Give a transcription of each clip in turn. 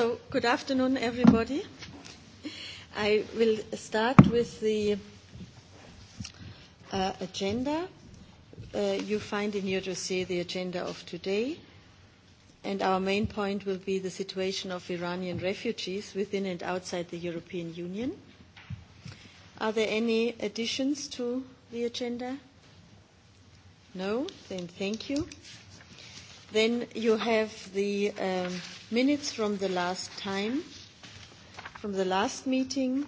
So, good afternoon, everybody. I will start with the agenda. You find in your dossier the agenda of today, and our main point will be the situation of Iranian refugees within and outside the European Union. Are there any additions to the agenda? No? Then thank you. Then you have the minutes from the last time, from the last meeting.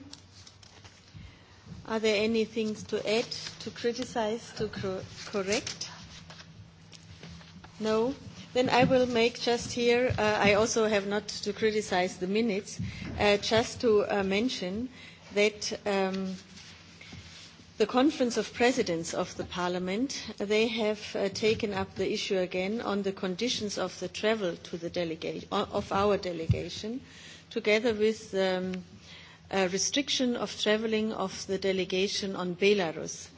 Are there any things to add, to criticize, to correct? No? Then I will make just here, I also have not to criticize the minutes, just to mention that the Conference of Presidents of the Parliament, they have taken up the issue again on the conditions of the travel to the of our delegation, together with the restriction of travelling of the delegation on Belarus.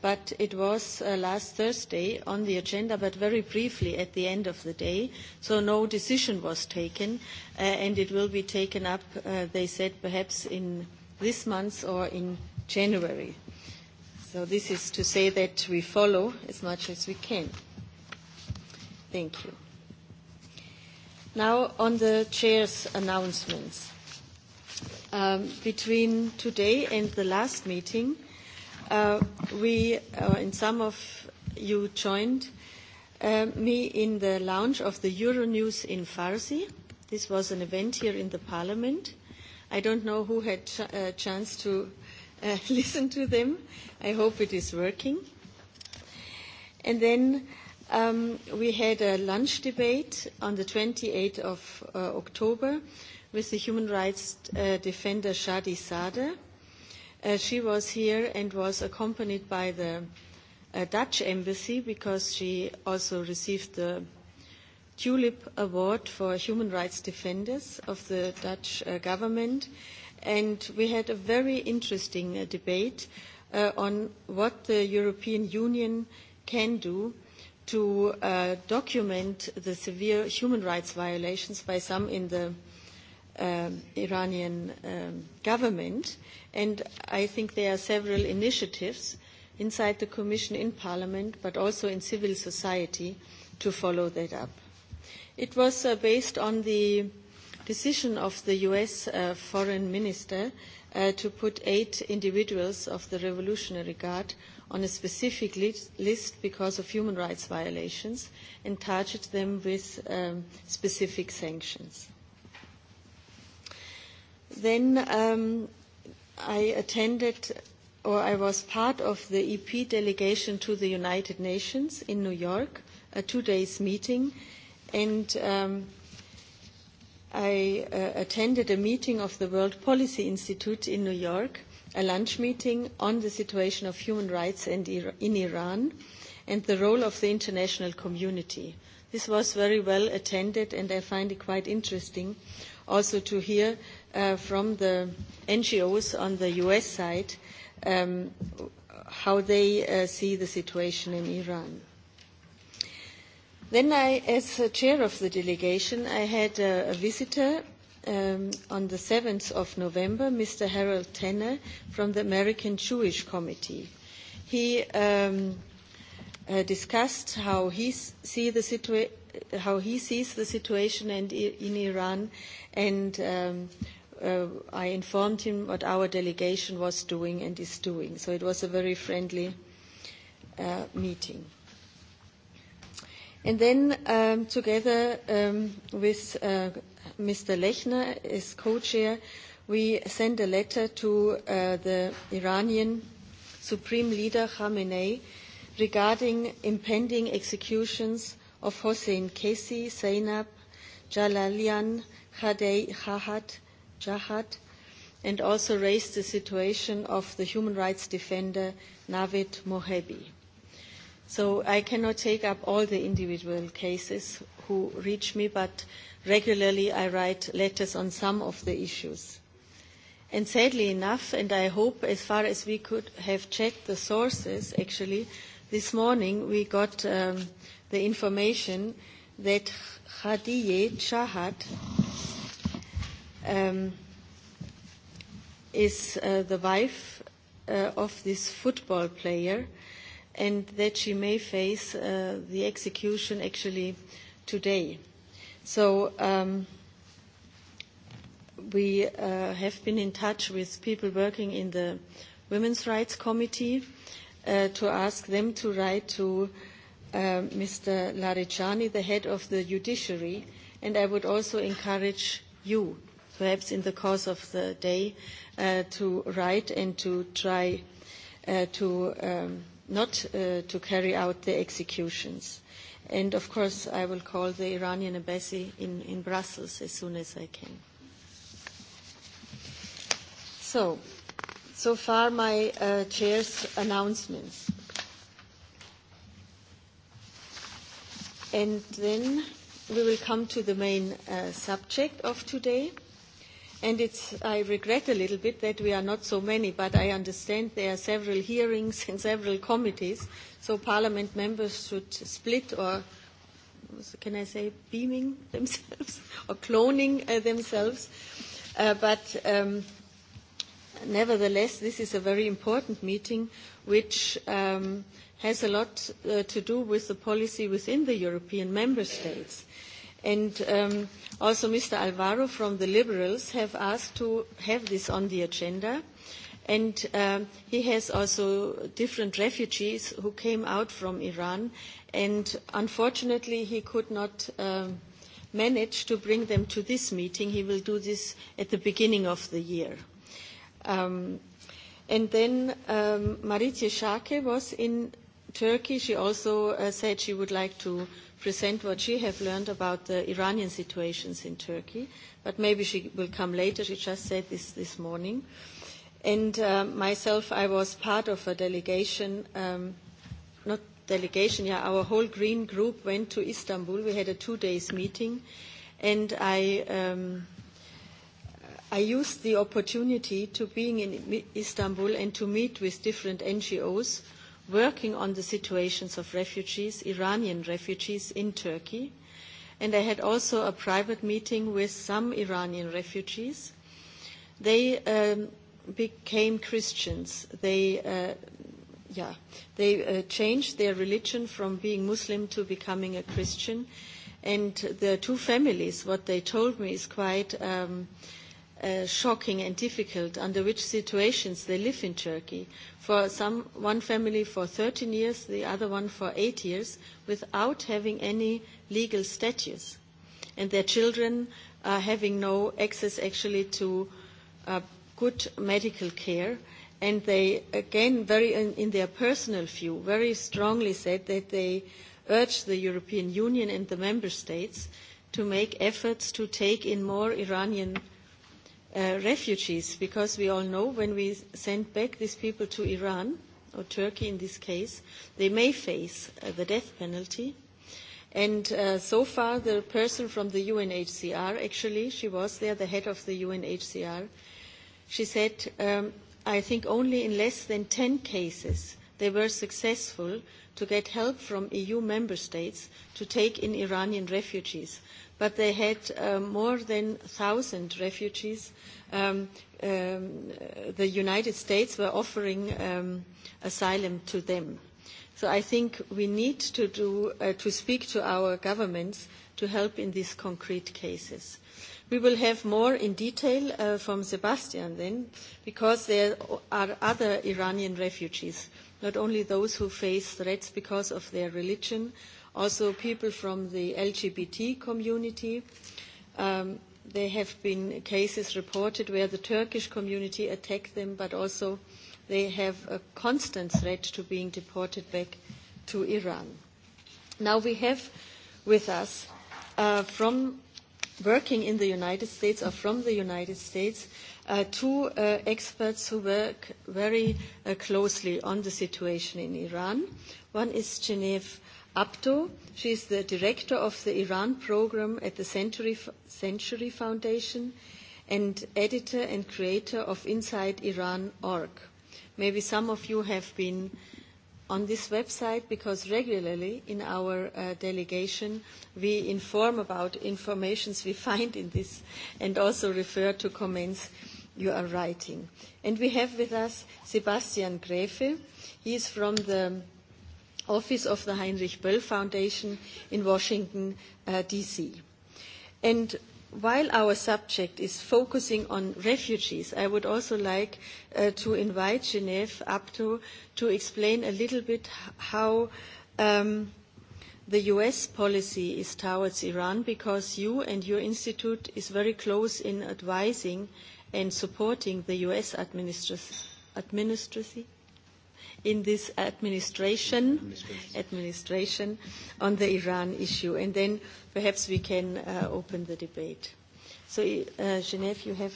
But it was last Thursday on the agenda, but very briefly at the end of the day, so no decision was taken, and it will be taken up, they said, perhaps in this month or in January. So this is to say that we follow as much as we can. Thank you. Now on the chair's announcements. Between today and the last meeting, we and some of you joined me in the lounge of the Euronews in Farsi. This was an event here in the Parliament. I don't know who had a chance to listen to them. I hope it is working. And then we had a lunch debate on the 28th of October with the human rights defender Shadi Sade. She was here and was accompanied by the Dutch embassy because she also received the Tulip Award for Human Rights Defenders of the Dutch government and we had a very interesting debate on what the European Union can do to document the severe human rights violations by some in the Iranian government. And I think there are several initiatives inside the Commission, in Parliament, but also in civil society to follow that up. It was based on the decision of the US foreign minister to put eight individuals of the Revolutionary Guard on a specific list because of human rights violations and target them with specific sanctions. Then I attended or I was part of the EP delegation to the United Nations in New York, a two days meeting and I attended a meeting of the World Policy Institute in New York, a lunch meeting on the situation of human rights in Iran and the role of the international community. This was very well attended and I find it quite interesting also to hear from the NGOs on the US side how they see the situation in Iran. Then I, as chair of the delegation, I had a visitor on the 7th of November, Mr. Harold Tanner from the American Jewish Committee. He discussed how he sees the situation in Iran, and I informed him what our delegation was doing and is doing. So it was a very friendly meeting. And then together with Mr. Lechner as co-chair, we sent a letter to the Iranian Supreme Leader Khamenei regarding impending executions of Hossein Kesi, Zainab, Jalalian, Jahad, and also raised the situation of the human rights defender Navid Mohebi. So I cannot take up all the individual cases who reach me, but regularly I write letters on some of the issues. And sadly enough, and I hope as far as we could have checked the sources, actually, this morning we got the information that Khadije Chahat is the wife of this football player and that she may face the execution actually today. So we have been in touch with people working in the Women's Rights Committee to ask them to write to Mr. Larijani, the head of the judiciary, and I would also encourage you, perhaps in the course of the day, to write and to try to not to carry out the executions. And of course, I will call the Iranian embassy in Brussels as soon as I can. So, so far my chair's announcements. And then we will come to the main subject of today and I regret a little bit that we are not so many, but I understand there are several hearings and several committees, so Parliament members should split or, can I say, beaming themselves or cloning themselves. But nevertheless, this is a very important meeting which has a lot to do with the policy within the European member states And also Mr. Alvaro from the Liberals have asked to have this on the agenda. And he has also different refugees who came out from Iran. And unfortunately, he could not manage to bring them to this meeting. He will do this at the beginning of the year. And then Maritje Schake was in Turkey. She also said she would like to present what she has learned about the Iranian situations in Turkey, but maybe she will come later. She just said this this morning. And myself, I was part of a delegation, not delegation, yeah, our whole green group went to Istanbul. We had a two days meeting, and I. I used the opportunity to being in Istanbul and to meet with different NGOs working on the situations of refugees, Iranian refugees in Turkey. And I had also a private meeting with some Iranian refugees. They became Christians. They yeah they changed their religion from being muslim to becoming a christian and the two families what they told me is quite shocking and difficult under which situations they live in Turkey. For some, one family for 13 years, the other one for eight years, without having any legal status. And their children are having no access actually to good medical care. And they, again, very in their personal view, very strongly said that they urge the European Union and the member states to make efforts to take in more Iranian refugees, because we all know when we send back these people to Iran, or Turkey in this case, they may face the death penalty. And so far, the person from the UNHCR, actually, she was there, the head of the UNHCR, she said, I think only in less than 10 cases they were successful to get help from EU member states to take in Iranian refugees but they had more than 1,000 refugees. The United States were offering asylum to them. So I think we need to do to speak to our governments to help in these concrete cases. We will have more in detail from Sebastian then, because there are other Iranian refugees, not only those who face threats because of their religion, also people from the LGBT community. There have been cases reported where the Turkish community attacked them, but also they have a constant threat to being deported back to Iran. Now we have with us from working in the United States or from the United States two experts who work very closely on the situation in Iran. One is Genev. Abto, She is the director of the Iran program at the Century Foundation and editor and creator of InsideIran.org. Maybe some of you have been on this website because regularly in our delegation we inform about informations we find in this and also refer to comments you are writing. And we have with us Sebastian Grefe. He is from the office of the Heinrich Böll Foundation in Washington, D.C. And while our subject is focusing on refugees, I would also like to invite Genève up to explain a little bit how the US policy is towards Iran, because you and your institute is very close in advising and supporting the US administration in this administration administration on the Iran issue. And then perhaps we can open the debate. So, Genève, you have.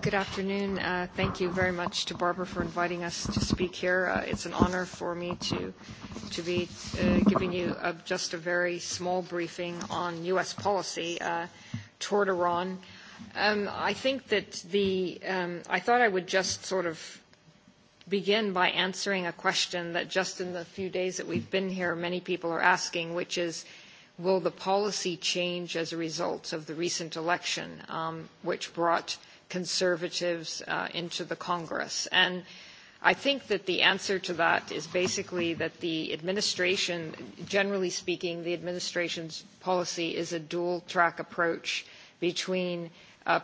Good afternoon. Thank you very much to Barbara for inviting us to speak here. It's an honor for me to to be giving you just a very small briefing on U.S. policy toward Iran I think that the I thought I would just sort of begin by answering a question that just in the few days that we've been here, many people are asking, which is, will the policy change as a result of the recent election, which brought conservatives into the Congress? And I think that the answer to that is basically that the administration, generally speaking, the administration's policy is a dual-track approach between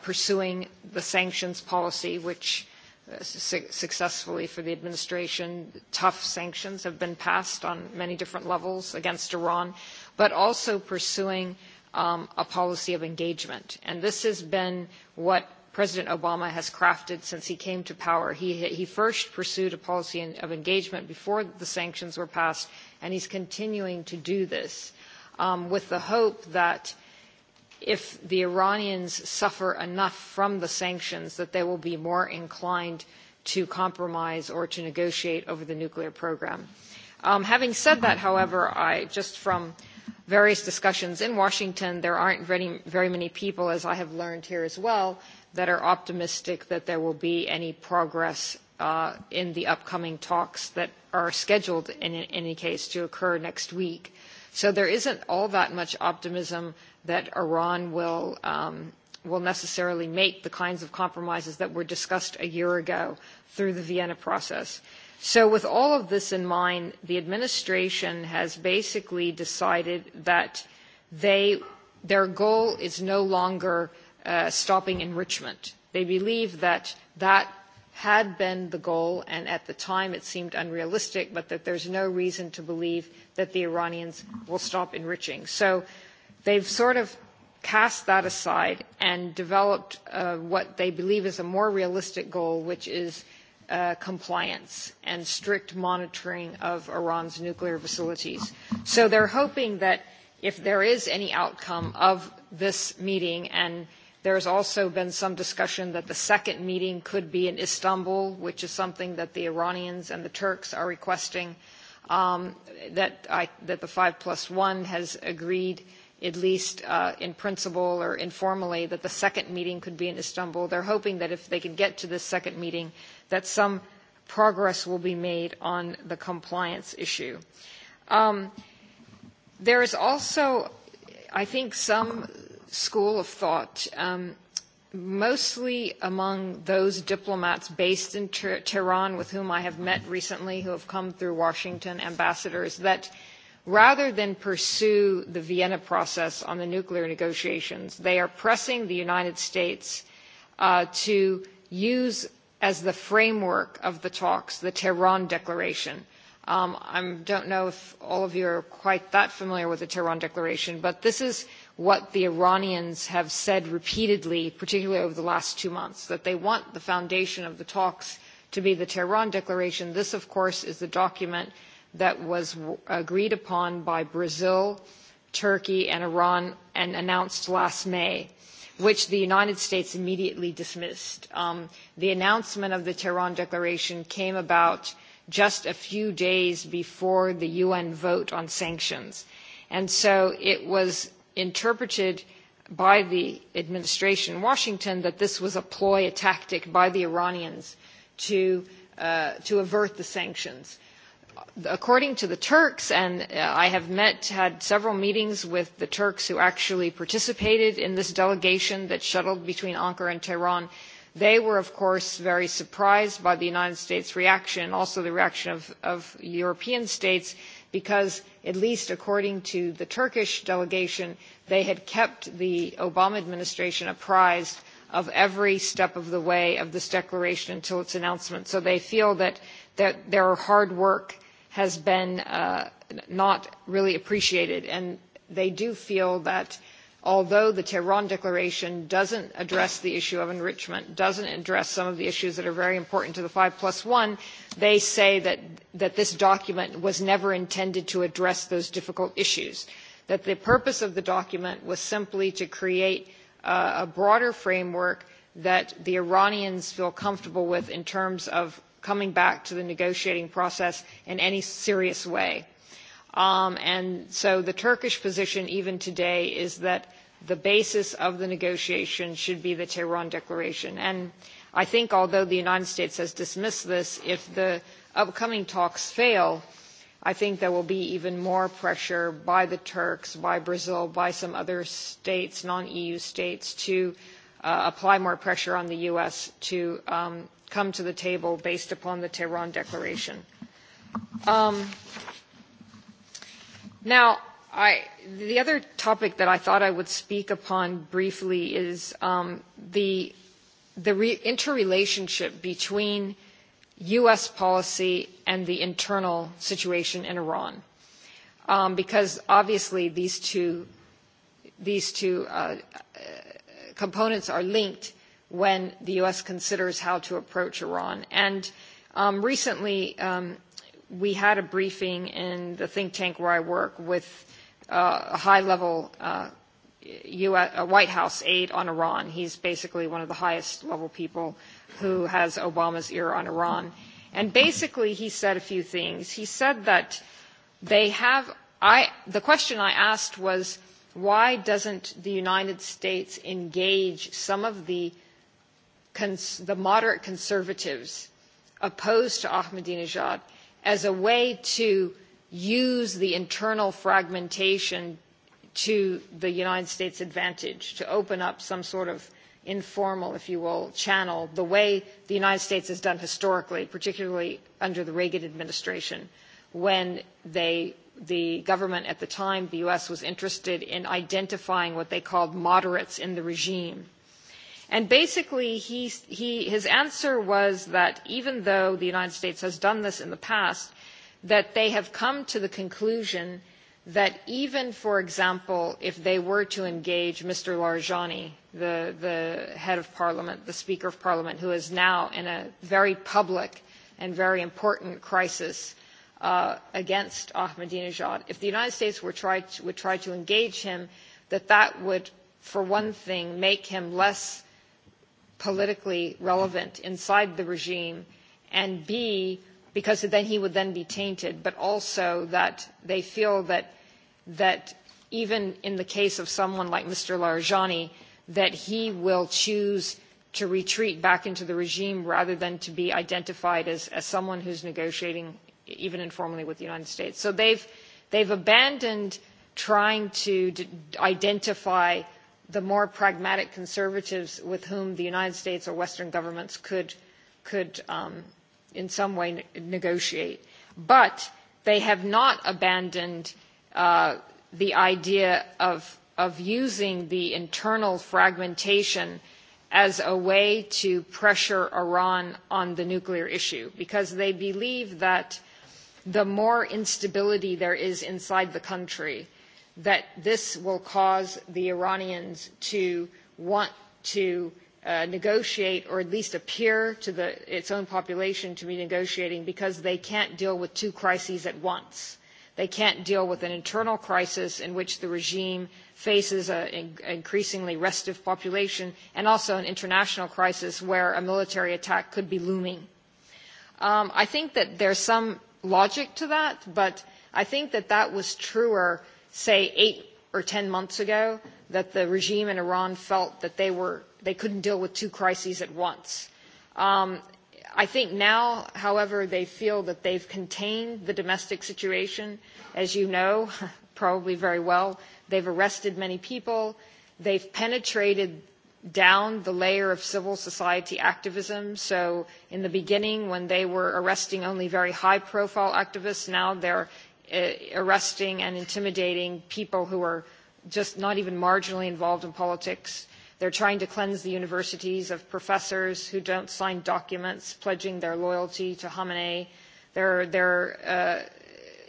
pursuing the sanctions policy, which successfully for the administration, tough sanctions have been passed on many different levels against Iran, but also pursuing a policy of engagement. And this has been what President Obama has crafted since he came to power. He first pursued a policy of engagement before the sanctions were passed, and he's continuing to do this with the hope that if the Iranians suffer enough from the sanctions that they will be more inclined to compromise or to negotiate over the nuclear program. Having said that, however, I just from various discussions in Washington, there aren't very many people, as I have learned here as well, that are optimistic that there will be any progress in the upcoming talks that are scheduled in any case to occur next week. So there isn't all that much optimism that Iran will necessarily make the kinds of compromises that were discussed a year ago through the Vienna process. So with all of this in mind, the administration has basically decided that their goal is no longer stopping enrichment. They believe that that had been the goal, and at the time it seemed unrealistic, but that there's no reason to believe that the Iranians will stop enriching. So They've sort of cast that aside and developed what they believe is a more realistic goal, which is compliance and strict monitoring of Iran's nuclear facilities. So they're hoping that if there is any outcome of this meeting, and there's also been some discussion that the second meeting could be in Istanbul, which is something that the Iranians and the Turks are requesting, that the 5 plus 1 has agreed at least in principle or informally, that the second meeting could be in Istanbul. They're hoping that if they can get to this second meeting, that some progress will be made on the compliance issue. There is also, I think, some school of thought, mostly among those diplomats based in Tehran with whom I have met recently, who have come through Washington, ambassadors, that rather than pursue the Vienna process on the nuclear negotiations, they are pressing the United States to use as the framework of the talks the Tehran Declaration. I don't know if all of you are quite that familiar with the Tehran Declaration, but this is what the Iranians have said repeatedly, particularly over the last two months, that they want the foundation of the talks to be the Tehran Declaration. This, of course, is the document that was agreed upon by Brazil, Turkey, and Iran and announced last May, which the United States immediately dismissed. The announcement of the Tehran Declaration came about just a few days before the UN vote on sanctions. And so it was interpreted by the administration in Washington that this was a ploy, a tactic by the Iranians to avert the sanctions according to the turks and i have met had several meetings with the turks who actually participated in this delegation that shuttled between ankara and tehran they were of course very surprised by the united states reaction and also the reaction of european states because at least according to the turkish delegation they had kept the obama administration apprised of every step of the way of this declaration until its announcement so they feel that their hard work has been not really appreciated. And they do feel that although the Tehran Declaration doesn't address the issue of enrichment, doesn't address some of the issues that are very important to the 5 plus 1, they say that this document was never intended to address those difficult issues, that the purpose of the document was simply to create a broader framework that the Iranians feel comfortable with in terms of coming back to the negotiating process in any serious way. And so the Turkish position even today is that the basis of the negotiation should be the Tehran Declaration. And I think although the United States has dismissed this, if the upcoming talks fail, I think there will be even more pressure by the Turks, by Brazil, by some other states, non-EU states, to apply more pressure on the U.S. to come to the table based upon the Tehran Declaration. Now, the other topic that I thought I would speak upon briefly is the interrelationship between U.S. policy and the internal situation in Iran, because obviously these two components are linked when the U.S. considers how to approach Iran. And recently, we had a briefing in the think tank where I work with a high-level White House aide on Iran. He's basically one of the highest-level people who has Obama's ear on Iran. And basically, he said a few things. He said that they have – the question I asked was, why doesn't the United States engage some of the the moderate conservatives opposed to Ahmadinejad as a way to use the internal fragmentation to the United States advantage, to open up some sort of informal, if you will, channel, the way the United States has done historically, particularly under the Reagan administration, when the government at the time, the U.S., was interested in identifying what they called moderates in the regime and basically his answer was that even though the united states has done this in the past that they have come to the conclusion that even for example if they were to engage mr larjani the head of parliament the speaker of parliament who is now in a very public and very important crisis against ahmadinejad if the united states would try to engage him that that would for one thing make him less politically relevant inside the regime, and B, because then he would then be tainted, but also that they feel that that even in the case of someone like Mr. Larjani, that he will choose to retreat back into the regime rather than to be identified as someone who's negotiating even informally with the United States. So they've abandoned trying to identify the more pragmatic conservatives with whom the United States or Western governments could could, in some way negotiate. But they have not abandoned the idea of using the internal fragmentation as a way to pressure Iran on the nuclear issue, because they believe that the more instability there is inside the country, that this will cause the Iranians to want to negotiate or at least appear to its own population to be negotiating because they can't deal with two crises at once. They can't deal with an internal crisis in which the regime faces an increasingly restive population and also an international crisis where a military attack could be looming. I think that there's some logic to that, but I think that that was truer say, eight or ten months ago, that the regime in Iran felt that they were they couldn't deal with two crises at once. I think now, however, they feel that they've contained the domestic situation, as you know, probably very well. They've arrested many people. They've penetrated down the layer of civil society activism. So in the beginning, when they were arresting only very high-profile activists, now they're arresting and intimidating people who are just not even marginally involved in politics. They're trying to cleanse the universities of professors who don't sign documents pledging their loyalty to Khamenei. They're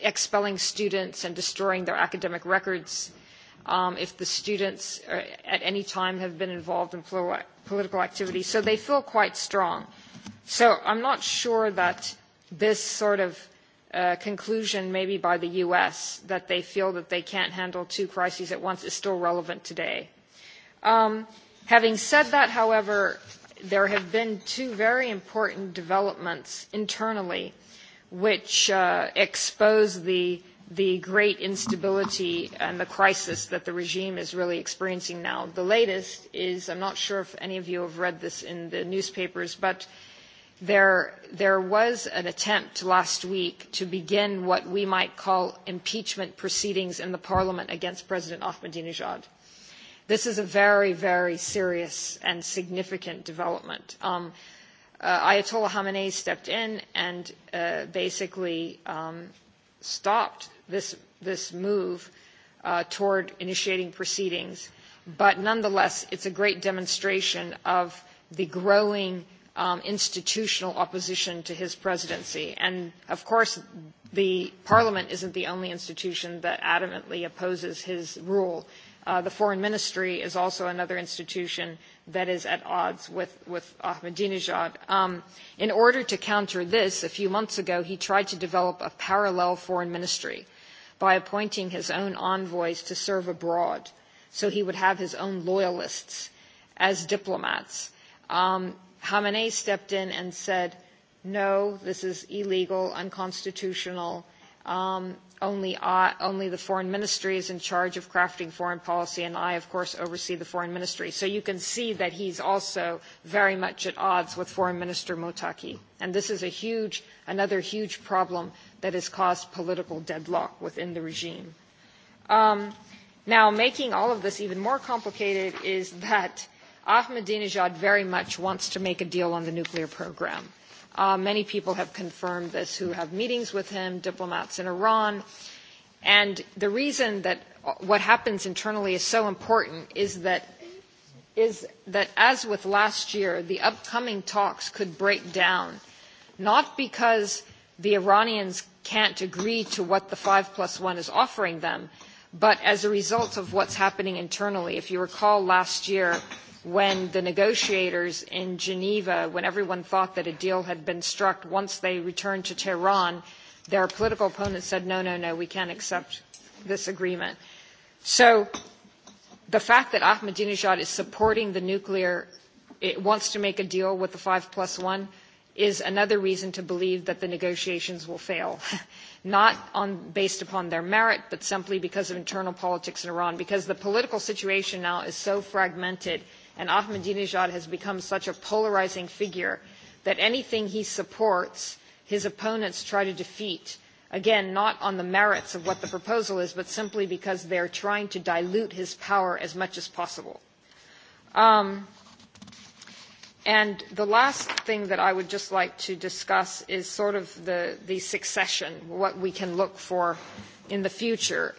expelling students and destroying their academic records if the students at any time have been involved in political activity. So they feel quite strong. So I'm not sure that this sort of conclusion maybe by the us that they feel that they can't handle two crises at once is still relevant today. having said that however there have been two very important developments internally which expose the the great instability and the crisis that the regime is really experiencing now. The latest is, I'm not sure if any of you have read this in the newspapers, but There was an attempt last week to begin what we might call impeachment proceedings in the Parliament against President Ahmadinejad. This is a very, very serious and significant development. Ayatollah Khamenei stepped in and basically stopped this this move toward initiating proceedings, but nonetheless it's a great demonstration of the growing institutional opposition to his presidency. And, of course, the Parliament isn't the only institution that adamantly opposes his rule. The Foreign Ministry is also another institution that is at odds with Ahmadinejad. In order to counter this, a few months ago, he tried to develop a parallel foreign ministry by appointing his own envoys to serve abroad, so he would have his own loyalists as diplomats. Khamenei stepped in and said, no, this is illegal, unconstitutional. Only the foreign ministry is in charge of crafting foreign policy, and I, of course, oversee the foreign ministry. So you can see that he's also very much at odds with Foreign Minister Motaki. And this is a huge, another huge problem that has caused political deadlock within the regime. Now, making all of this even more complicated is that Ahmadinejad very much wants to make a deal on the nuclear program. Many people have confirmed this who have meetings with him, diplomats in Iran. And the reason that what happens internally is so important is that as with last year, the upcoming talks could break down, not because the Iranians can't agree to what the 5 plus 1 is offering them, but as a result of what's happening internally. If you recall last year, when the negotiators in Geneva, when everyone thought that a deal had been struck, once they returned to Tehran, their political opponents said, no, no, no, we can't accept this agreement. So the fact that Ahmadinejad is supporting the nuclear, it wants to make a deal with the 5 plus 1, is another reason to believe that the negotiations will fail, not based upon their merit, but simply because of internal politics in Iran, because the political situation now is so fragmented and Ahmadinejad has become such a polarizing figure that anything he supports, his opponents try to defeat. Again, not on the merits of what the proposal is, but simply because they are trying to dilute his power as much as possible. And the last thing that I would just like to discuss is sort of the succession, what we can look for in the future.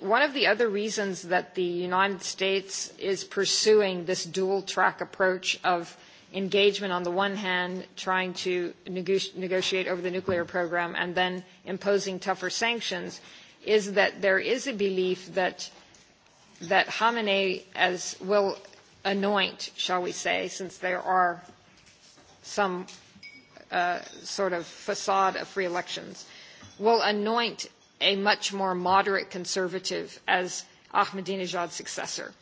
One of the other reasons that the United States is pursuing this dual-track approach of engagement on the one hand, trying to negotiate over the nuclear program, and then imposing tougher sanctions, is that there is a belief that Khamenei will anoint, shall we say, since there are some sort of facade of free elections, will anoint a much more moderate conservative as Ahmadinejad's successor.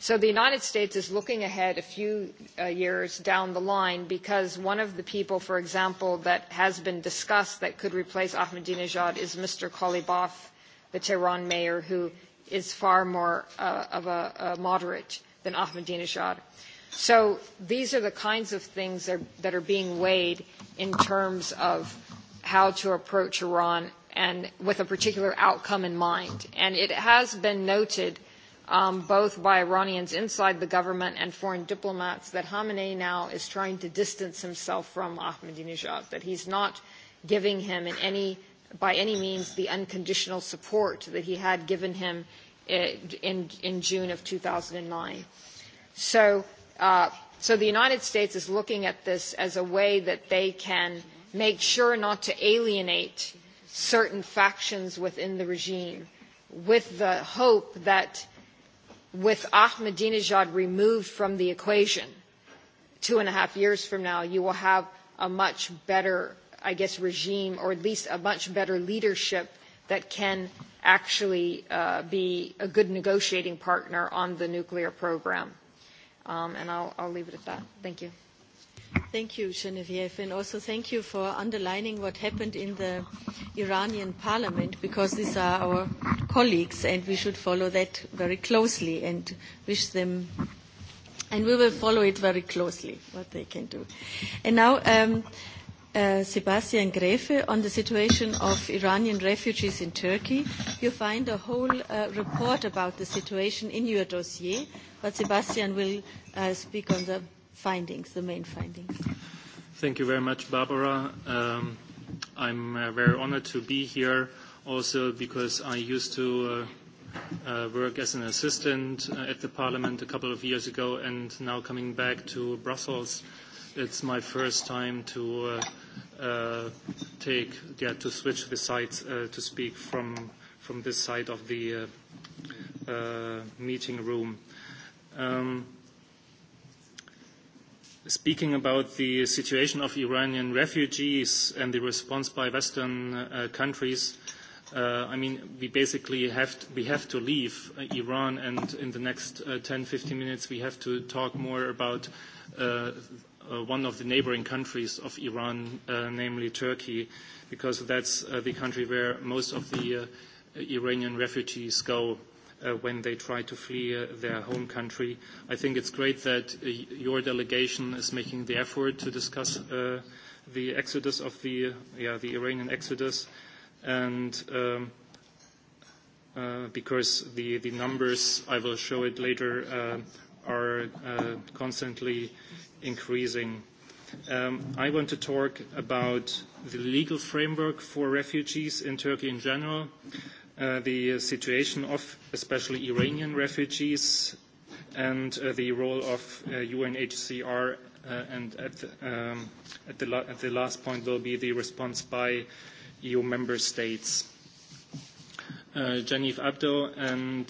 So the United States is looking ahead a few years down the line because one of the people, for example, that has been discussed that could replace Ahmadinejad is Mr. Khalibaf, the Tehran mayor, who is far more of a moderate than Ahmadinejad. So these are the kinds of things that are being weighed in terms of how to approach Iran and with a particular outcome in mind. And it has been noted both by Iranians inside the government and foreign diplomats that Khamenei now is trying to distance himself from Ahmadinejad, that he's not giving him by any means the unconditional support that he had given him in June of 2009. So the United States is looking at this as a way that they can make sure not to alienate certain factions within the regime with the hope that with Ahmadinejad removed from the equation two and a half years from now, you will have a much better, I guess, regime or at least a much better leadership that can actually be a good negotiating partner on the nuclear program. And I'll leave it at that. Thank you. Thank you, Genevieve, and also thank you for underlining what happened in the Iranian parliament, because these are our colleagues, and we should follow that very closely and wish them, and we will follow it very closely, what they can do. And now, Sebastian Grefe, on the situation of Iranian refugees in Turkey. You find a whole report about the situation in your dossier, but Sebastian will speak on the findings, the main findings. Thank you very much, Barbara. I'm very honored to be here also because I used to work as an assistant at the Parliament a couple of years ago and now coming back to Brussels, it's my first time to take, yeah, to switch the sides to speak from from this side of the meeting room speaking about the situation of Iranian refugees and the response by Western countries, I mean, we basically have to leave Iran, and in the next 10, 15 minutes, we have to talk more about one of the neighboring countries of Iran, namely Turkey, because that's the country where most of the Iranian refugees go when they try to flee their home country. I think it's great that your delegation is making the effort to discuss the exodus of the Iranian exodus, and because the numbers, I will show it later, are constantly increasing. I want to talk about the legal framework for refugees in Turkey in general the situation of especially Iranian refugees and the role of UNHCR and at the last point will be the response by EU member states. Janif Abdo and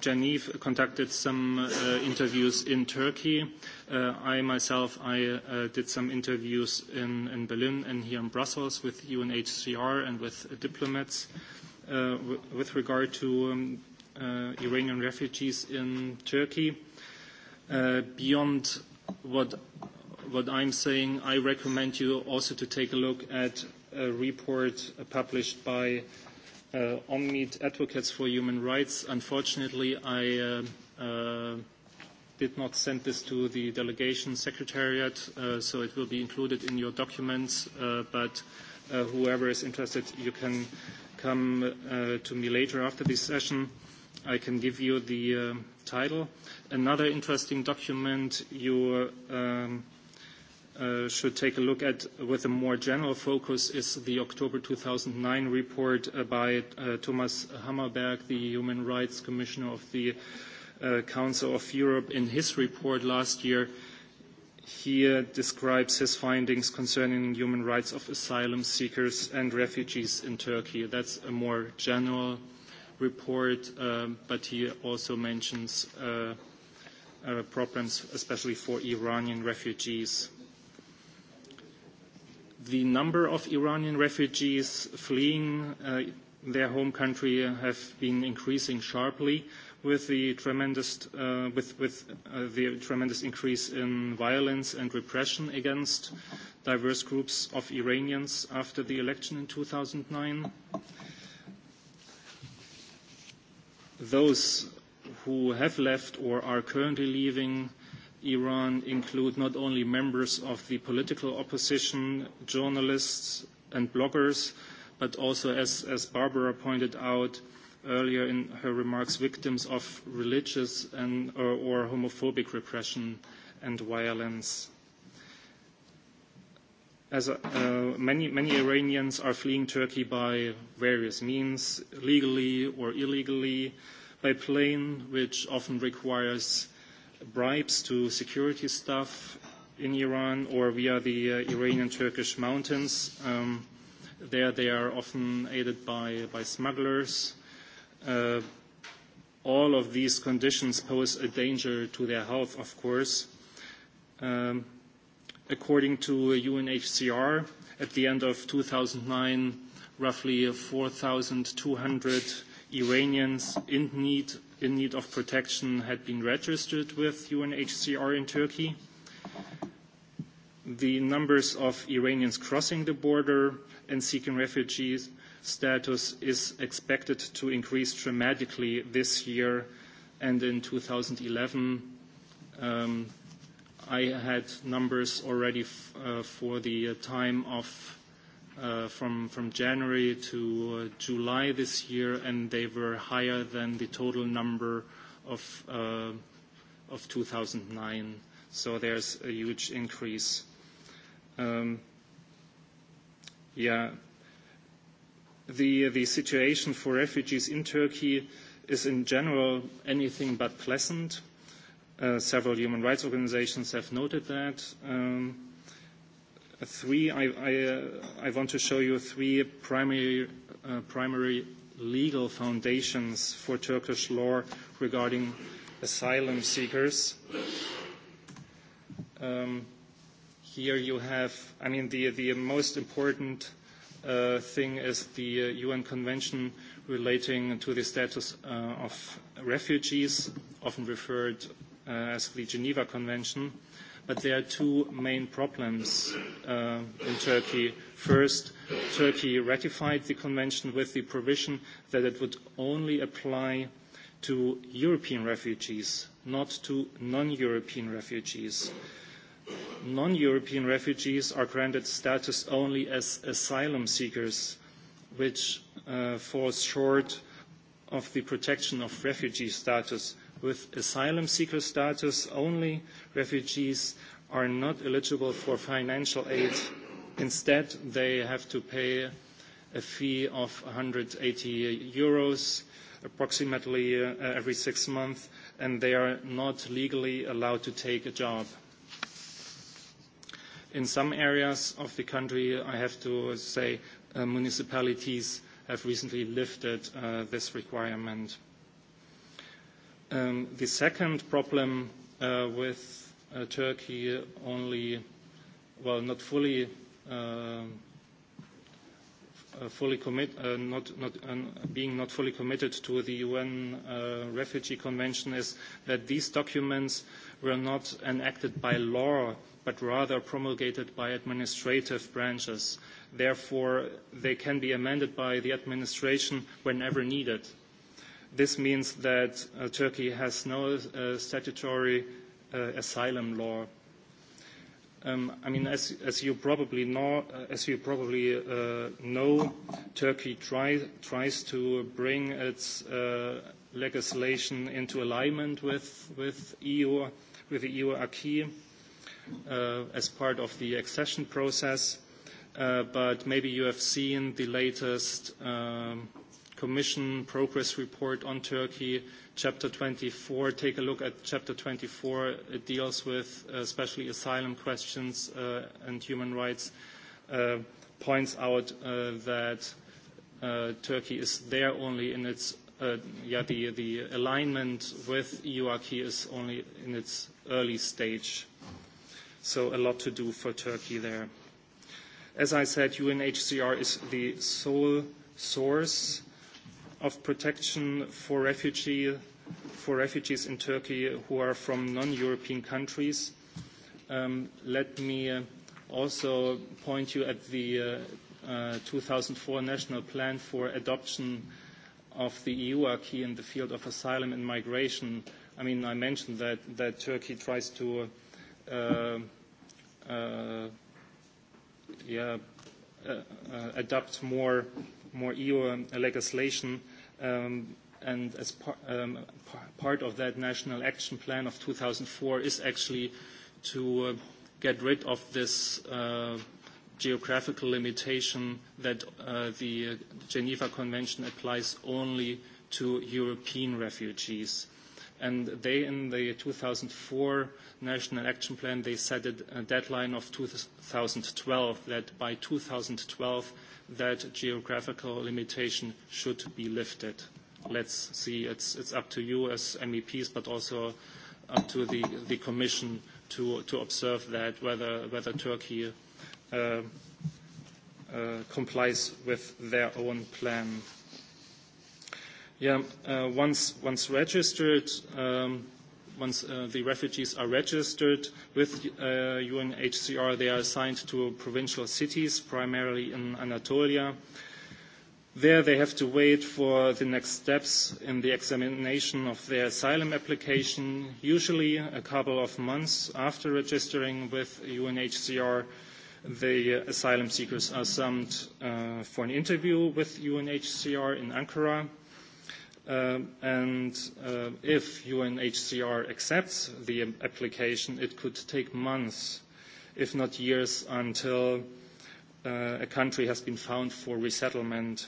Janif conducted some interviews in Turkey I myself, I did some interviews in Berlin and here in Brussels with UNHCR and with diplomats with regard to Iranian refugees in Turkey. Beyond what what I'm saying, I recommend you also to take a look at a report published by Omnit Advocates for Human Rights. Unfortunately, I did not send this to the delegation secretariat, so it will be included in your documents. But whoever is interested, you can come to me later after this session. I can give you the title. Another interesting document you should take a look at with a more general focus is the October 2009 report by Thomas Hammerberg, the Human Rights Commissioner of the Council of Europe in his report last year. He describes his findings concerning human rights of asylum seekers and refugees in Turkey. That's a more general report, but he also mentions problems, especially for Iranian refugees. The number of Iranian refugees fleeing their home country have been increasing sharply with the tremendous increase in violence and repression against diverse groups of Iranians after the election in 2009. Those who have left or are currently leaving Iran include not only members of the political opposition, journalists and bloggers, but also, as Barbara pointed out, earlier in her remarks, victims of religious and or homophobic repression and violence. As many many Iranians are fleeing Turkey by various means, legally or illegally, by plane, which often requires bribes to security staff in Iran, or via the Iranian-Turkish mountains. There they are often aided by smugglers all of these conditions pose a danger to their health, of course. According to UNHCR, at the end of 2009, roughly 4,200 Iranians in need of protection had been registered with UNHCR in Turkey. The numbers of Iranians crossing the border and seeking refugees status is expected to increase dramatically this year and in 2011. I had numbers already for the time of from January to July this year, and they were higher than the total number of 2009. So there's a huge increase. Yeah, The situation for refugees in Turkey is in general anything but pleasant. Several human rights organizations have noted that. Three, I want to show you three primary legal foundations for Turkish law regarding asylum seekers. Here you have, I mean, the most important thing is the UN Convention relating to the status of refugees, often referred as the Geneva Convention. But there are two main problems in Turkey. First, Turkey ratified the convention with the provision that it would only apply to European refugees, not to non-European refugees non-European refugees are granted status only as asylum seekers, which falls short of the protection of refugee status. With asylum seeker status only, refugees are not eligible for financial aid. Instead, they have to pay a fee of 180 euros approximately every six months, and they are not legally allowed to take a job in some areas of the country, I have to say, municipalities have recently lifted this requirement. The second problem with Turkey only, well, not fully being not fully committed to the UN Refugee Convention is that these documents were not enacted by law, but rather promulgated by administrative branches. Therefore, they can be amended by the administration whenever needed. This means that Turkey has no statutory asylum law. I mean, as you probably know, as you probably know, Turkey tries to bring its legislation into alignment with with EU with the EU acquis as part of the accession process. But maybe you have seen the latest Commission Progress Report on Turkey, Chapter 24. Take a look at Chapter 24. It deals with especially asylum questions and human rights. Points out that Turkey is there only in its, the alignment with EU is only in its early stage. So a lot to do for Turkey there. As I said, UNHCR is the sole source of protection for refugees in Turkey who are from non-European countries. Let me also point you at the 2004 National Plan for Adoption of the EU acquis in the field of asylum and migration. I mean, I mentioned that Turkey tries to adopt more EU legislation and as part of that national action plan of 2004 is actually to get rid of this geographical limitation that the Geneva Convention applies only to European refugees and they in the 2004 National Action Plan, they set a deadline of 2012, that by 2012 that geographical limitation should be lifted. Let's see, it's up to you as MEPs, but also up to the Commission to observe that, whether Turkey complies with their own plan. Yeah, once registered, once the refugees are registered with UNHCR, they are assigned to provincial cities, primarily in Anatolia. There they have to wait for the next steps in the examination of their asylum application, usually a couple of months after registering with UNHCR. The asylum seekers are summed for an interview with UNHCR in Ankara and if UNHCR accepts the application, it could take months, if not years, until a country has been found for resettlement.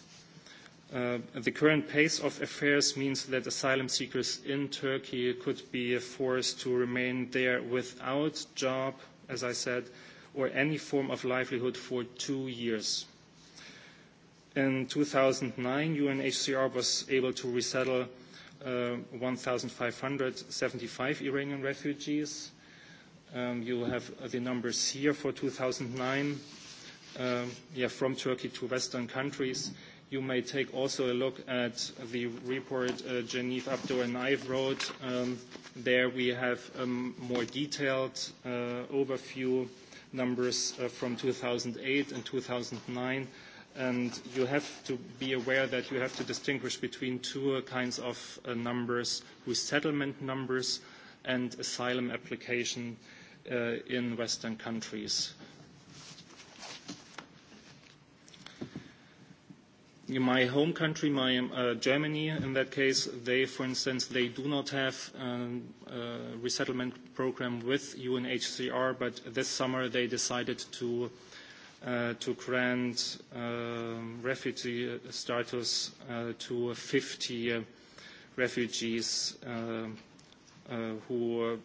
The current pace of affairs means that asylum seekers in Turkey could be forced to remain there without job, as I said, or any form of livelihood for two years. In 2009, UNHCR was able to resettle 1,575 Iranian refugees. You have the numbers here for 2009 from Turkey to Western countries. You may take also a look at the report Genève Abdo and I wrote. There we have a more detailed overview numbers from 2008 and 2009 and you have to be aware that you have to distinguish between two kinds of numbers, resettlement numbers and asylum application in Western countries. In my home country, my Germany, in that case, they, for instance, they do not have a resettlement program with UNHCR, but this summer they decided to to grant refugee status to 50 refugees who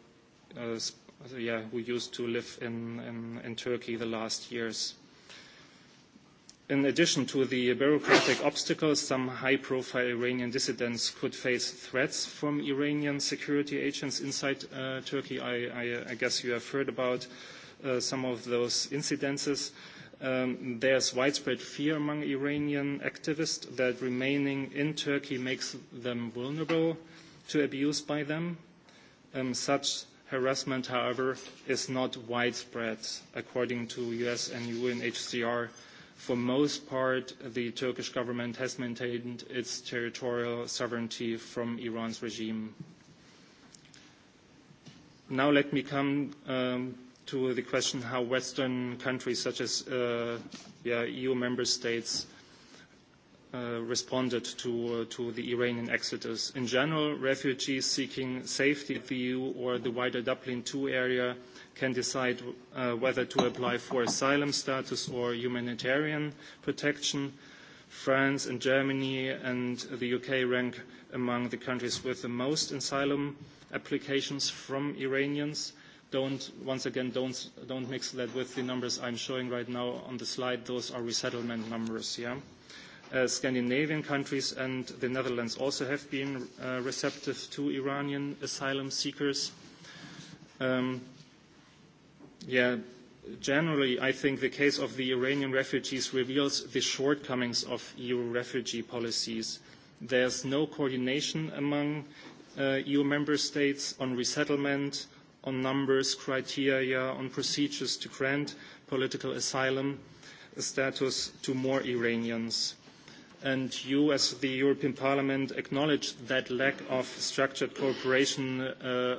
used to live in Turkey the last years. In addition to the bureaucratic obstacles, some high-profile Iranian dissidents could face threats from Iranian security agents inside Turkey. I guess you have heard about some of those incidences. There's widespread fear among Iranian activists that remaining in Turkey makes them vulnerable to abuse by them. Such harassment, however, is not widespread. According to US and UNHCR, for most part, the Turkish government has maintained its territorial sovereignty from Iran's regime. Now let me come to the question how Western countries such as EU member states responded to the Iranian exodus. In general, refugees seeking safety at the EU or the wider Dublin II area can decide whether to apply for asylum status or humanitarian protection. France and Germany and the UK rank among the countries with the most asylum applications from Iranians. Don't, once again, don't mix that with the numbers I'm showing right now on the slide. Those are resettlement numbers, yeah. Scandinavian countries and the Netherlands also have been receptive to Iranian asylum seekers. generally, I think the case of the Iranian refugees reveals the shortcomings of EU refugee policies. There's no coordination among EU member states on resettlement on numbers, criteria, on procedures to grant political asylum status to more Iranians. And you, as the European Parliament, acknowledge that lack of structured cooperation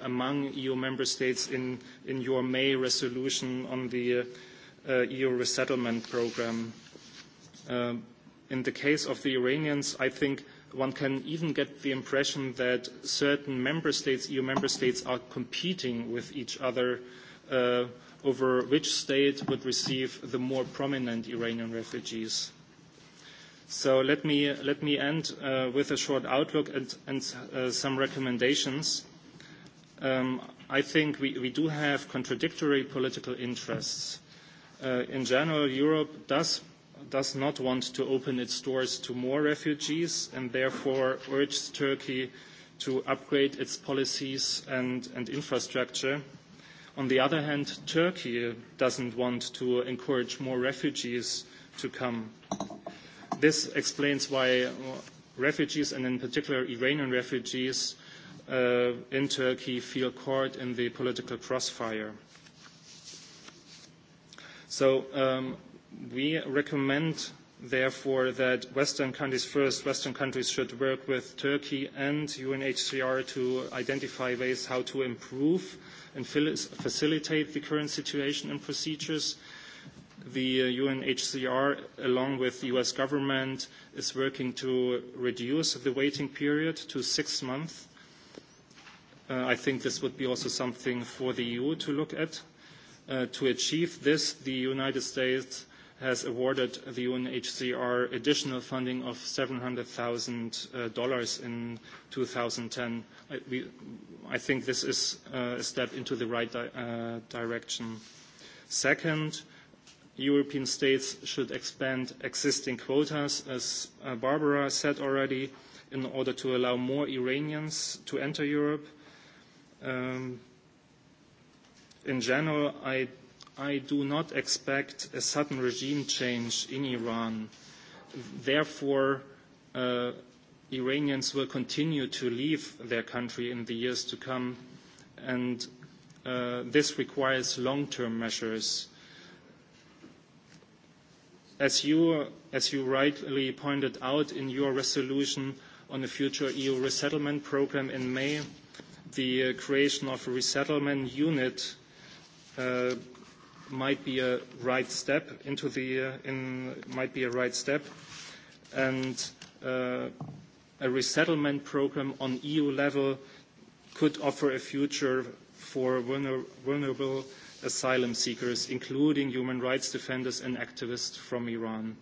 among EU member states in your May resolution on the EU resettlement program. In the case of the Iranians, I think one can even get the impression that certain member states, EU member states, are competing with each other over which state would receive the more prominent Iranian refugees. So let me end with a short outlook and some recommendations. I think we do have contradictory political interests. In general, Europe does does not want to open its doors to more refugees and therefore urges Turkey to upgrade its policies and infrastructure. On the other hand, Turkey doesn't want to encourage more refugees to come. This explains why refugees, and in particular Iranian refugees in Turkey, feel caught in the political crossfire. So We recommend, therefore, that Western countries first, Western countries should work with Turkey and UNHCR to identify ways how to improve and facilitate the current situation and procedures. The UNHCR, along with the U.S. government, is working to reduce the waiting period to six months. I think this would be also something for the EU to look at. To achieve this, the United States has awarded the UNHCR additional funding of $700,000 in 2010. I think this is a step into the right direction. Second, European states should expand existing quotas, as Barbara said already, in order to allow more Iranians to enter Europe. In general, I I do not expect a sudden regime change in Iran. Therefore, Iranians will continue to leave their country in the years to come, and this requires long-term measures. As you rightly pointed out in your resolution on the future EU resettlement program in May, the creation of a resettlement unit might be a right step into the in might be a right step and a resettlement program on EU level could offer a future for vulnerable asylum seekers including human rights defenders and activists from Iran.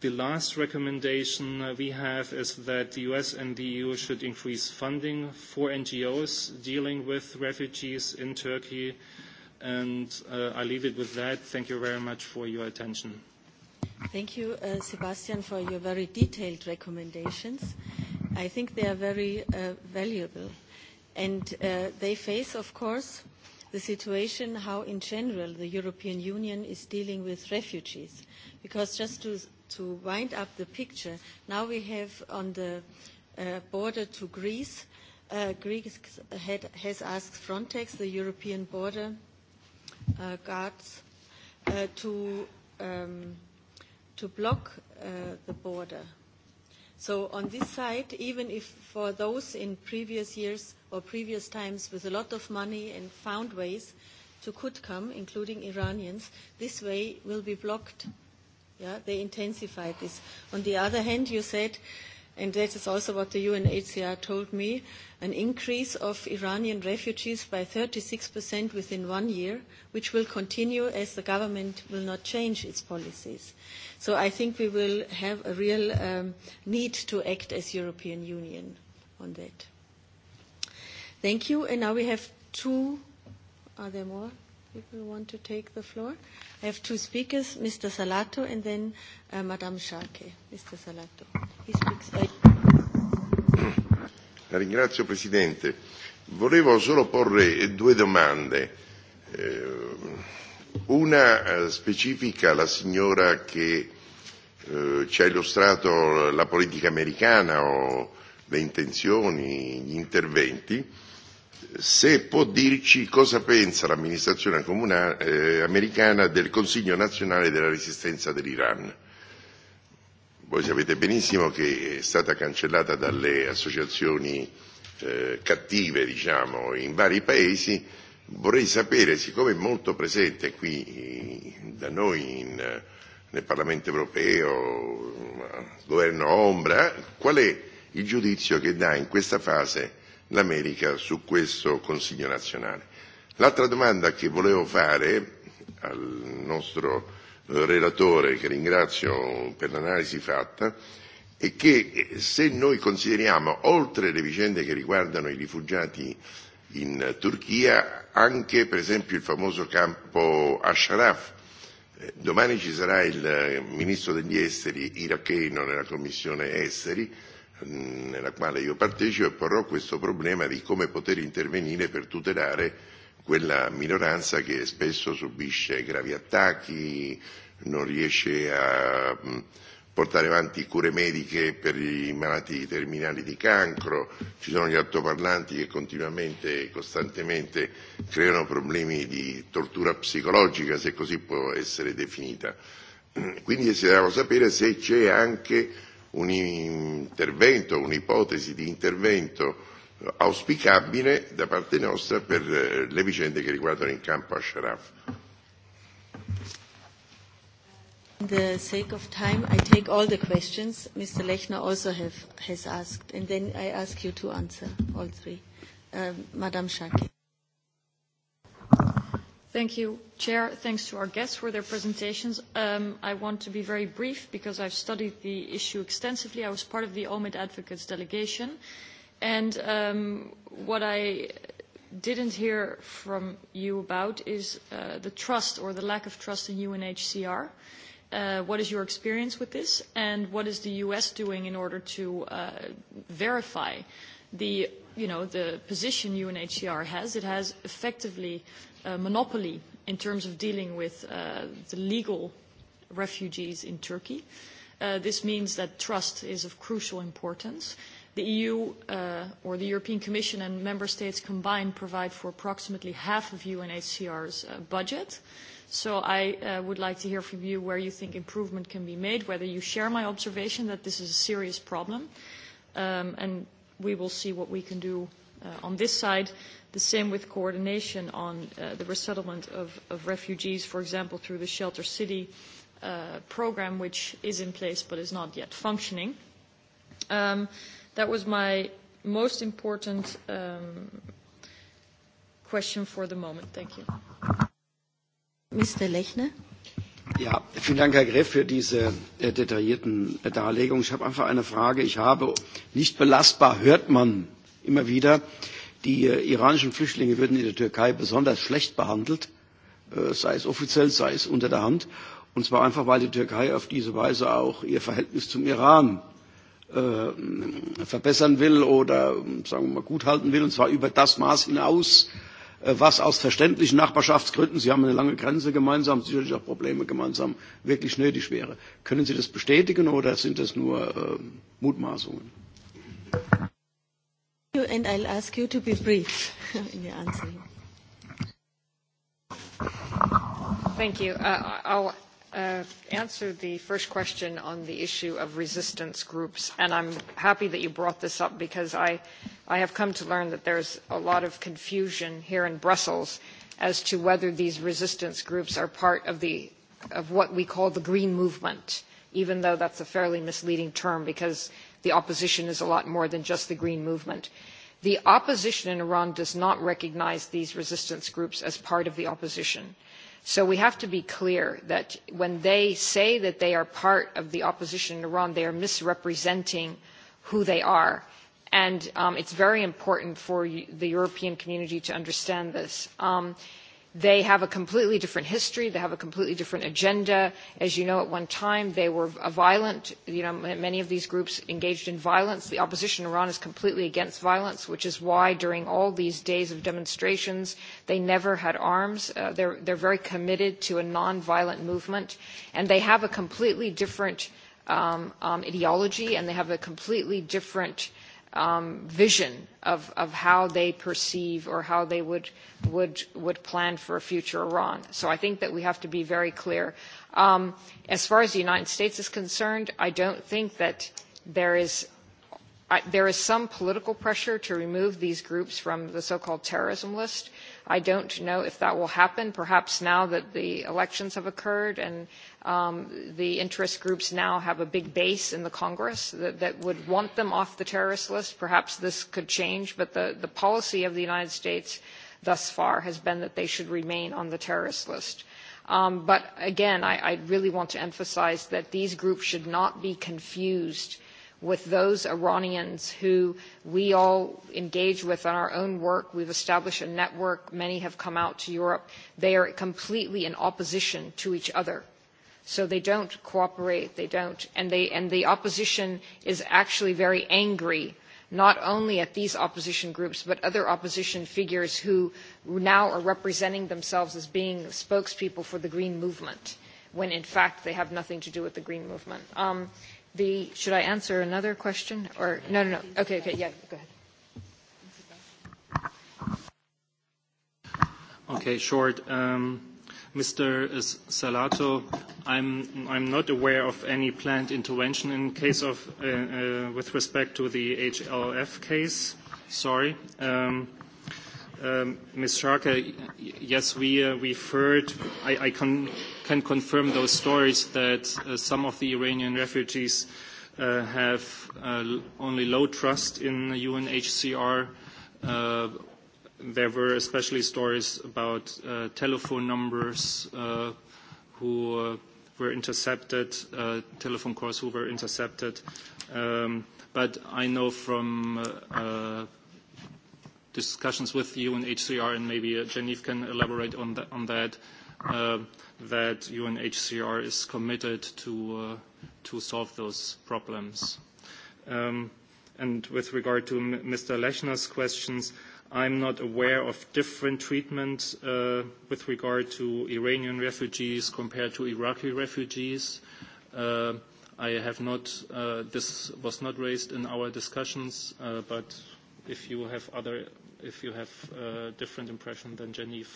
The last recommendation we have is that the US and the EU should increase funding for NGOs dealing with refugees in Turkey and I leave it with that. Thank you very much for your attention. Thank you, Sebastian, for your very detailed recommendations. I think they are very valuable. And they face, of course, the situation how in general the European Union is dealing with refugees. Because just to wind up the picture, now we have on the border to Greece, Greece has asked Frontex, the European border guards to to block the border. So on this side, even if for those in previous years or previous times with a lot of money and found ways to could come, including Iranians, this way will be blocked. Yeah, they intensified this. On the other hand, you said and that is also what the UNHCR told me, an increase of Iranian refugees by 36% within one year, which will continue as the government will not change its policies. So I think we will have a real need to act as European Union on that. Thank you. And now we have two, are there more? people want to take the floor. I have two speakers, Mr. Salato and then Madame Schalke. Mr. Salato. He speaks. La ringrazio Presidente. Volevo solo porre due domande. Una specifica alla signora che ci ha illustrato la politica americana o le intenzioni, gli interventi se può dirci cosa pensa l'amministrazione comunale americana del Consiglio nazionale della resistenza dell'Iran. Voi sapete benissimo che è stata cancellata dalle associazioni cattive, diciamo, in vari paesi. Vorrei sapere, siccome è molto presente qui da noi in nel Parlamento europeo, governo ombra, qual è il giudizio che dà in questa fase l'America su questo Consiglio nazionale. L'altra domanda che volevo fare al nostro relatore, che ringrazio per l'analisi fatta, è che se noi consideriamo, oltre le vicende che riguardano i rifugiati in Turchia, anche per esempio il famoso campo Ashraf, domani ci sarà il ministro degli esteri iracheno nella commissione esteri nella quale io partecipo e porrò questo problema di come poter intervenire per tutelare quella minoranza che spesso subisce gravi attacchi, non riesce a portare avanti cure mediche per i malati terminali di cancro, ci sono gli altoparlanti che continuamente e costantemente creano problemi di tortura psicologica, se così può essere definita. Quindi desideravo sapere se c'è anche un intervento, un'ipotesi di intervento auspicabile da parte nostra per le vicende che riguardano il campo Ashraf. In the sake of time, I take all the questions Mr. Lechner also have, has asked, and then I ask you to answer all three. Madam Shaki. Thank you, Chair. Thanks to our guests for their presentations. I want to be very brief because I've studied the issue extensively. I was part of the OMID Advocates delegation. And what I didn't hear from you about is the trust or the lack of trust in UNHCR. What is your experience with this? And what is the U.S. doing in order to verify the, you know, the position UNHCR has? It has effectively monopoly in terms of dealing with the legal refugees in Turkey. This means that trust is of crucial importance. The EU or the European Commission and member states combined provide for approximately half of UNHCR's budget. So I would like to hear from you where you think improvement can be made, whether you share my observation that this is a serious problem, and we will see what we can do on this side The same with coordination on the resettlement of refugees, for example, through the Shelter City program, which is in place but is not yet functioning. That was my most important question for the moment. Thank you. Mr. Lechner. Ja, vielen Dank, Herr Greff, für diese detaillierten Darlegungen. Ich habe einfach eine Frage. Ich habe nicht belastbar, hört man immer wieder Die iranischen Flüchtlinge würden in der Türkei besonders schlecht behandelt, sei es offiziell, sei es unter der Hand, und zwar einfach, weil die Türkei auf diese Weise auch ihr Verhältnis zum Iran verbessern will oder, sagen wir mal, gut halten will, und zwar über das Maß hinaus, was aus verständlichen Nachbarschaftsgründen, Sie haben eine lange Grenze gemeinsam, sicherlich auch Probleme gemeinsam, wirklich nötig wäre. Können Sie das bestätigen oder sind das nur Mutmaßungen? and I'll ask you to be brief in your answer. Thank you. I'll answer the first question on the issue of resistance groups, and I'm happy that you brought this up because I have come to learn that there's a lot of confusion here in Brussels as to whether these resistance groups are part of the of what we call the green movement even though that's a fairly misleading term because the opposition is a lot more than just the green movement The opposition in Iran does not recognize these resistance groups as part of the opposition. So we have to be clear that when they say that they are part of the opposition in Iran, they are misrepresenting who they are. And it's very important for the European community to understand this. They have a completely different history. They have a completely different agenda. As you know, at one time, they were violent. many of these groups engaged in violence. The opposition in Iran is completely against violence, which is why during all these days of demonstrations, they never had arms. They're very committed to a non-violent movement. And they have a completely different ideology, and they have a completely different vision of how they perceive or how they would would would plan for a future Iran. So I think that we have to be very clear. As far as the United States is concerned, I don't think that there is there is some political pressure to remove these groups from the so-called terrorism list. I don't know if that will happen. Perhaps now that the elections have occurred and the interest groups now have a big base in the Congress that would want them off the terrorist list, perhaps this could change. But the policy of the United States thus far has been that they should remain on the terrorist list. But again, I really want to emphasize that these groups should not be confused with those Iranians who we all engage with on our own work. We've established a network. Many have come out to Europe. They are completely in opposition to each other. So they don't cooperate. They don't. And the opposition is actually very angry, not only at these opposition groups, but other opposition figures who now are representing themselves as being spokespeople for the Green Movement, when in fact they have nothing to do with the Green Movement the should I answer another question or no no no okay okay yeah go ahead. Okay, short. Mr. Salato, I'm not aware of any planned intervention in case of, with respect to the HLF case. Sorry. Ms. Sharka, yes, we heard, I can confirm those stories that some of the Iranian refugees have only low trust in UNHCR. There were especially stories about telephone numbers who were intercepted, telephone calls who were intercepted. But I know from discussions with UNHCR and maybe Janif can elaborate on that, that UNHCR is committed to solve those problems. And with regard to Mr. Lechner's questions, I'm not aware of different treatment with regard to Iranian refugees compared to Iraqi refugees. I have not, this was not raised in our discussions, but if you have other, if you have a different impression than Janif,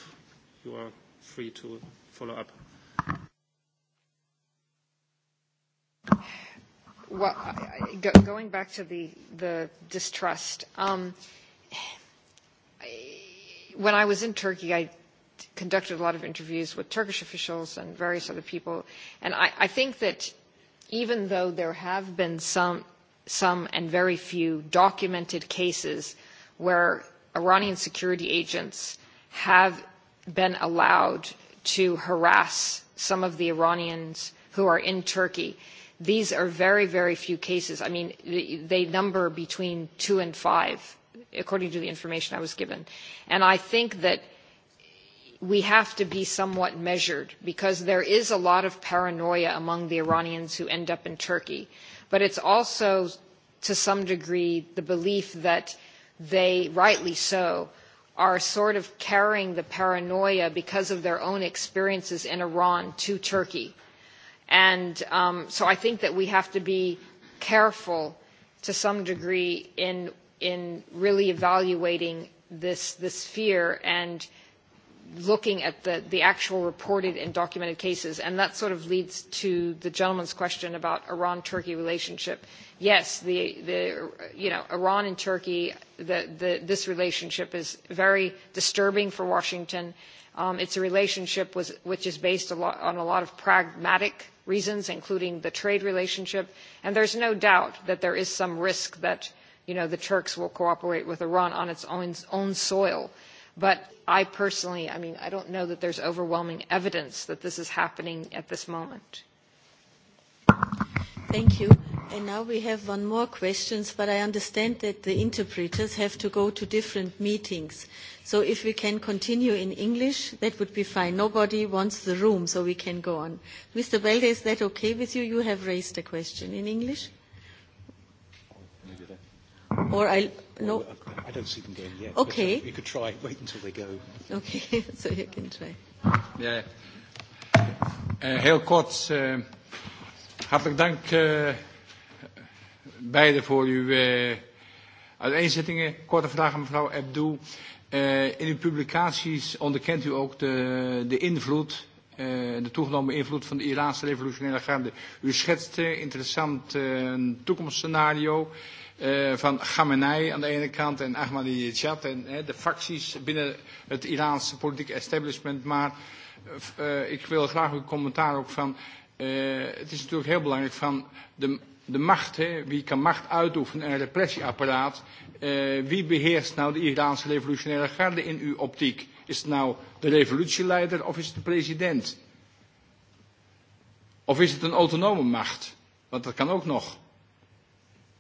you are free to follow up. Well, going back to the, the distrust, um, when I was in Turkey, I conducted a lot of interviews with Turkish officials and various other people, and I, I think that even though there have been some some and very few documented cases where Iranian security agents have been allowed to harass some of the Iranians who are in Turkey. These are very, very few cases. I mean, they number between two and five, according to the information I was given. And I think that we have to be somewhat measured because there is a lot of paranoia among the Iranians who end up in Turkey but it's also to some degree the belief that they rightly so are sort of carrying the paranoia because of their own experiences in Iran to Turkey. And so I think that we have to be careful to some degree in really evaluating this this fear and looking at the actual reported and documented cases. And that sort of leads to the gentleman's question about Iran-Turkey relationship. Yes, the you know Iran and Turkey, this relationship is very disturbing for Washington. It's a relationship which is based on a lot of pragmatic reasons, including the trade relationship. And there's no doubt that there is some risk that the Turks will cooperate with Iran on its own soil. But I personally, I mean, I don't know that there's overwhelming evidence that this is happening at this moment. Thank you. And now we have one more question, but I understand that the interpreters have to go to different meetings. So if we can continue in English, that would be fine. Nobody wants the room, so we can go on. Mr. Belde, is that okay with you? You have raised a question in English. Or I, I don't see them going yet. Okay. You could try. Wait until they go. Okay, so you can try. Ja, heel kort. Hartelijk dank beiden voor uw uiteenzettingen. Korte vraag aan mevrouw Abdou. In uw publicaties onderkent u ook de, de invloed de toegenomen invloed van de Iraanse revolutionaire garde. U schetst een interessant toekomstscenario van Ghamenei aan de ene kant en Ahmadinejad en de facties binnen het Iraanse politieke establishment. Maar ik wil graag uw commentaar ook van. Het is natuurlijk heel belangrijk van de de macht, hè? wie kan macht uitoefenen en een repressieapparaat. Wie beheerst nou de Iraanse revolutionaire garde in uw optiek? Is het nou de revolutieleider of is het de president? Of is het een autonome macht? Want dat kan ook nog.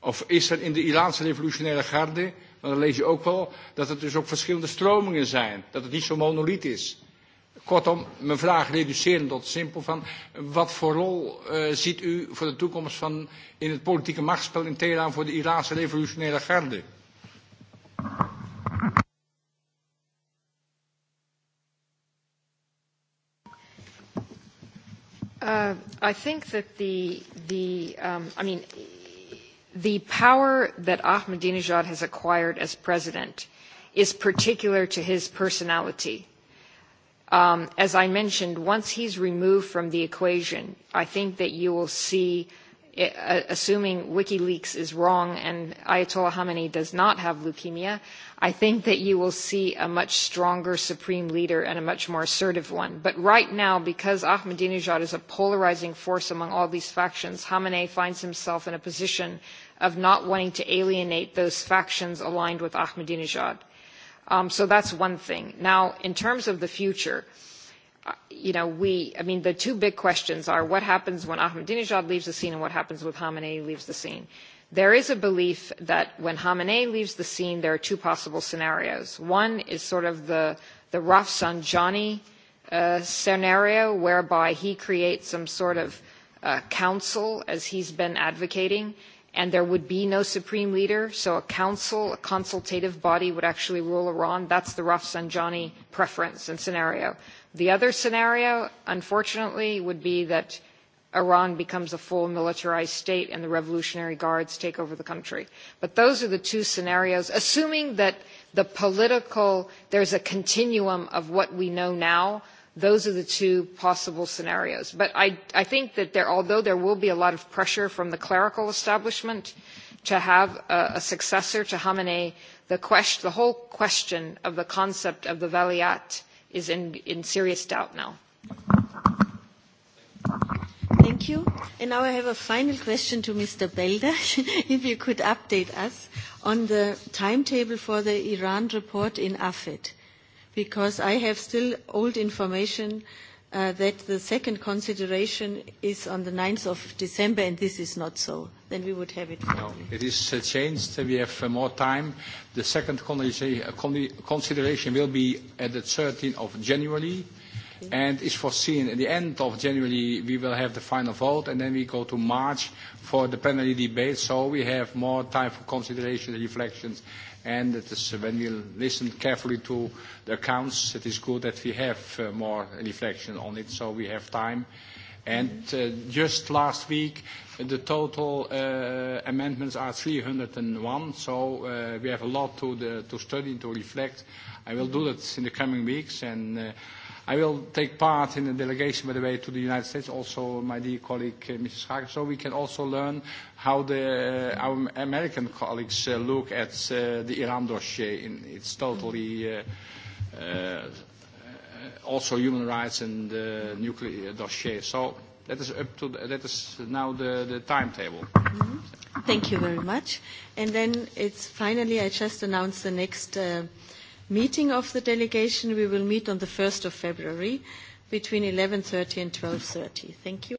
Of is er in de Iraanse revolutionaire garde, maar dan lees je ook wel dat er dus ook verschillende stromingen zijn, dat het niet zo monoliet is. Kortom, mijn vraag reduceren tot simpel van wat voor rol ziet u voor de toekomst van in het politieke machtsspel in Teheran voor de Iraanse revolutionaire garde? I think that the the I mean The power that Ahmadinejad has acquired as president is particular to his personality. As I mentioned, once he's removed from the equation, I think that you will see assuming WikiLeaks is wrong and Ayatollah Khamenei does not have leukemia, I think that you will see a much stronger supreme leader and a much more assertive one. But right now, because Ahmadinejad is a polarizing force among all these factions, Khamenei finds himself in a position of not wanting to alienate those factions aligned with Ahmadinejad. So that's one thing. Now, in terms of the future, you know, we, I mean, the two big questions are what happens when Ahmadinejad leaves the scene and what happens when Khamenei leaves the scene. There is a belief that when Khamenei leaves the scene, there are two possible scenarios. One is sort of the, the Rafsanjani scenario, whereby he creates some sort of council, as he's been advocating, and there would be no supreme leader, so a council, a consultative body would actually rule Iran. That's the Rafsanjani preference and scenario. The other scenario, unfortunately, would be that Iran becomes a full militarized state and the Revolutionary Guards take over the country. But those are the two scenarios, assuming that the political, there's a continuum of what we know now, those are the two possible scenarios. But I think that there although there will be a lot of pressure from the clerical establishment to have a successor to Khamenei, the whole question of the concept of the Valiat is in serious doubt now. Thank you. And now I have a final question to Mr. Belder. If you could update us on the timetable for the Iran report in AFED, because I have still old information that the second consideration is on the 9th of December, and this is not so. Then we would have it. No, it is changed. We have more time. The second consideration will be at the 13th of January and is foreseen at the end of January we will have the final vote and then we go to March for the plenary debate so we have more time for consideration and reflections and it is when we listen carefully to the accounts it is good that we have more reflection on it so we have time and just last week the total amendments are 301 so we have a lot to to study to reflect I will do that in the coming weeks and I will take part in a delegation, by the way, to the United States, also my dear colleague, Mrs. Hager, so we can also learn how the, our American colleagues look at the Iran dossier in its totally also human rights and uh nuclear dossier. So that is up to that is now the, the timetable. Thank you very much. And then it's finally I just announced the next meeting of the delegation. We will meet on the 1st of February between 11.30 and 12.30. Thank you.